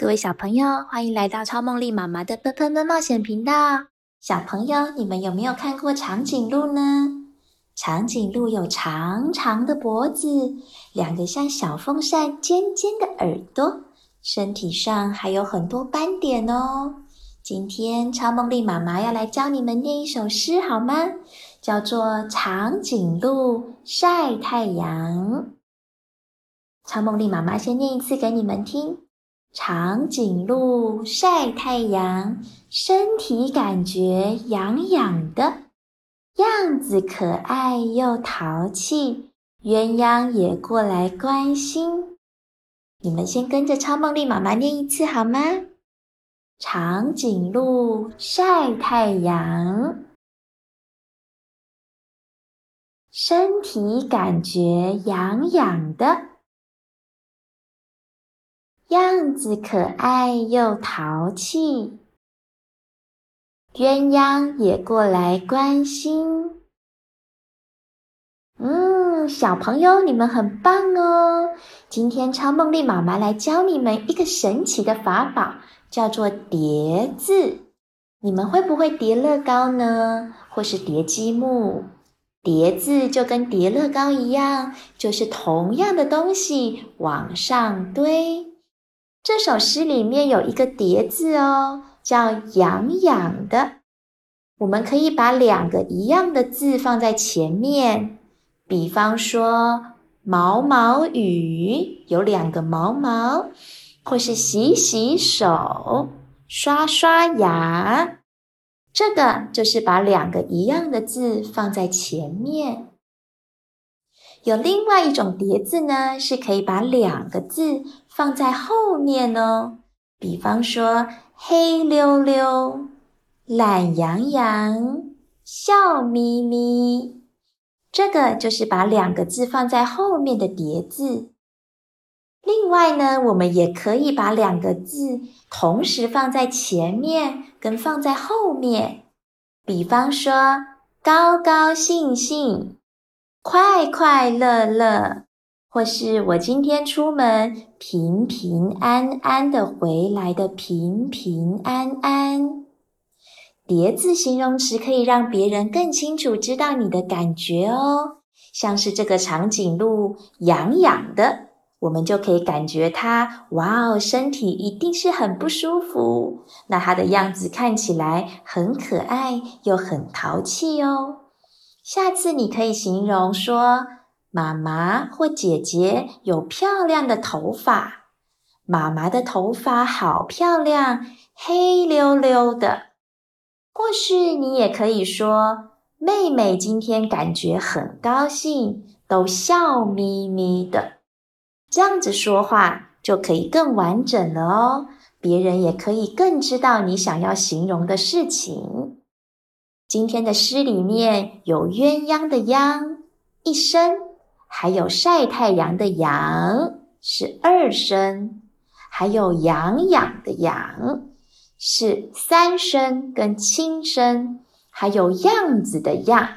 各位小朋友，歡迎來到超夢莉媽媽的噴噴噴冒險頻道。小朋友，你們有沒有看過長頸鹿呢？長頸鹿有長長的脖子，兩個像小風扇尖尖的耳朵，身體上還有很多斑點哦。今天超夢莉媽媽要來教你們念一首詩，好嗎？叫做《長頸鹿曬太陽》。超夢莉媽媽先念一次給你們聽。長頸鹿曬太陽，身體感覺癢癢的，樣子可愛又淘氣。鴛鴦也過來關心。你們先跟着超夢莉媽媽念一次好嗎？長頸鹿曬太陽，身體感覺癢癢的。樣子可愛又淘氣，鴛鴦也過來關心。嗯，小朋友，你們很棒哦！今天超夢莉媽媽來教你們一個神奇的法寶，叫做疊字。你們會不會疊樂高呢？或是疊積木？疊字就跟疊樂高一樣，就是同樣的東西往上堆。這首詩裡面有一個疊字哦，叫“癢癢”的。我們可以把兩個一樣的字放在前面，比方說“毛毛雨”有兩個“毛毛”，或是“洗洗手”，“刷刷牙”，這個就是把兩個一樣的字放在前面。有另外一種疊字呢，是可以把兩個字放在後面哦。比方說“黑溜溜”“懶洋洋”“笑眯眯”，這個就是把兩個字放在後面的疊字。另外呢，我們也可以把兩個字同時放在前面跟放在後面。比方說“高高興興”。快快樂樂，或是我今天出門，平平安安的回來的平平安安。疊字形容詞可以讓別人更清楚知道你的感覺哦。像是這個長頸鹿癢癢的，我們就可以感覺它，哇哦，身體一定是很不舒服。那它的樣子看起來很可愛又很淘氣哦。下次你可以形容說，媽媽或姐姐有漂亮的頭髮。媽媽的頭髮好漂亮，黑溜溜的。或是你也可以說，妹妹今天感覺很高興，都笑眯眯的。這樣子說話就可以更完整了哦，別人也可以更知道你想要形容的事情。今天的詩裡面有鴛鴦的鴦，一聲；還有曬太陽的陽，是二聲；還有癢癢的癢，是三聲跟輕聲；還有樣子的樣，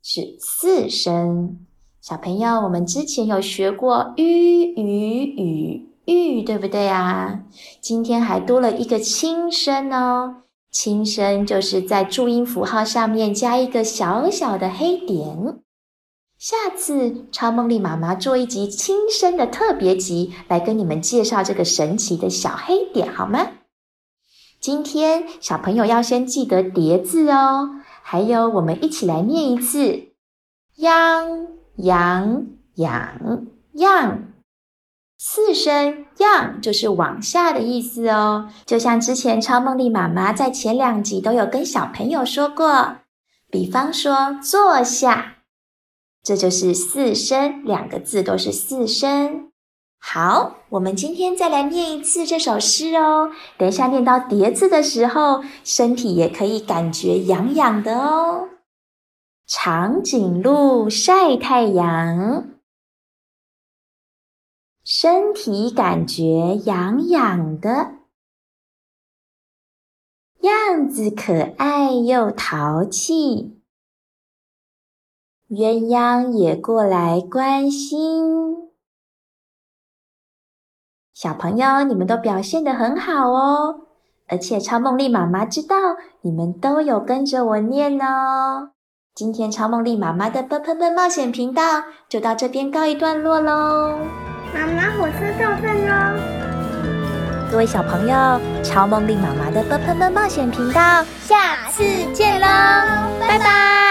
是四聲。小朋友，我們之前有學過魚、魚、雨、玉，對不對呀、啊？今天還多了一個輕聲哦。輕聲就是在注音符號上面加一個小小的黑點。下次超夢莉媽媽做一集輕聲的特別集，來跟你們介紹這個神奇的小黑點，好嗎？今天小朋友要先記得疊字哦，還有我們一起來念一次：央、洋、養、樣。四聲“漾”就是往下的意思哦，就像之前超夢莉媽媽在前兩集都有跟小朋友說過，比方說坐下，這就是四聲，兩個字都是四聲。好，我們今天再來念一次這首詩哦，等一下念到疊字的時候，身體也可以感覺癢癢的哦。長頸鹿曬太陽。身體感覺癢癢的，樣子可愛又淘氣，鴛鴦也過來關心。小朋友，你們都表現得很好哦，而且超夢莉媽媽知道，你們都有跟着我念哦。今天超夢莉媽媽的“啵噴噴”冒險頻道就到這邊告一段落嘍。媽媽，火車到站嘍！各位小朋友，超夢莉媽媽的“砰砰砰”冒險頻道，下次見嘍！拜拜。拜拜拜拜。